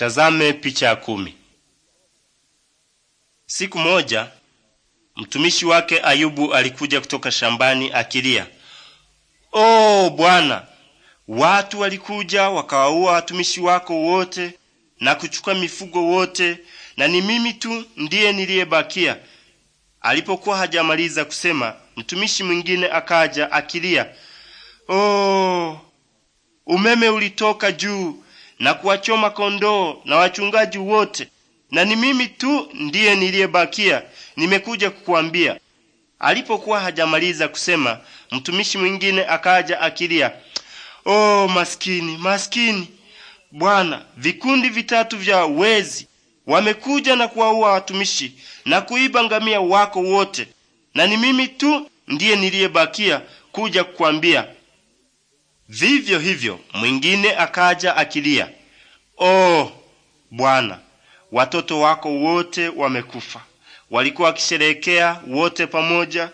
Tazame picha ya kumi. Siku moja mtumishi wake Ayubu alikuja kutoka shambani akilia, "O Bwana, watu walikuja wakawaua watumishi wako wote na kuchukua mifugo wote, na ni mimi tu ndiye niliyebakia." Alipokuwa hajamaliza kusema, mtumishi mwingine akaja akilia, oh, umeme ulitoka juu na kuwachoma kondoo na wachungaji wote, na ni mimi tu ndiye niliyebakia, nimekuja kukuambia. Alipokuwa hajamaliza kusema, mtumishi mwingine akaja akilia, oh, maskini maskini bwana, vikundi vitatu vya wezi wamekuja na kuwaua watumishi na kuiba ngamia wako wote, na ni mimi tu ndiye niliyebakia kuja kukwambia. Vivyo hivyo mwingine akaja akilia, oh Bwana, watoto wako wote wamekufa. Walikuwa wakisherehekea wote pamoja,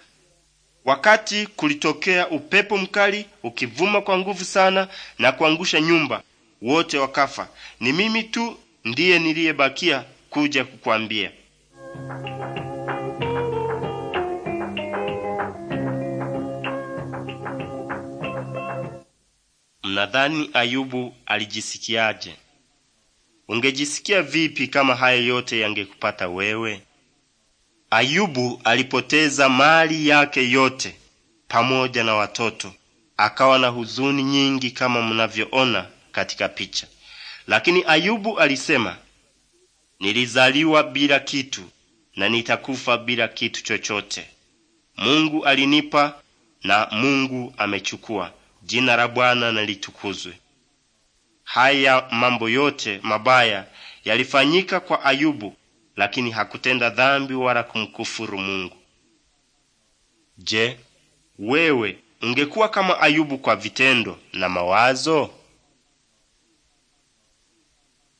wakati kulitokea upepo mkali ukivuma kwa nguvu sana na kuangusha nyumba, wote wakafa. Ni mimi tu ndiye niliyebakia kuja kukwambia. Mnadhani Ayubu alijisikiaje? Ungejisikia vipi kama haya yote yangekupata wewe? Ayubu alipoteza mali yake yote pamoja na watoto, akawa na huzuni nyingi kama mnavyoona katika picha. Lakini Ayubu alisema, nilizaliwa bila kitu na nitakufa bila kitu chochote. Mungu alinipa na Mungu amechukua. Jina la Bwana na litukuzwe. Haya mambo yote mabaya yalifanyika kwa Ayubu, lakini hakutenda dhambi wala kumkufuru Mungu. Je, wewe ungekuwa kama Ayubu kwa vitendo na mawazo?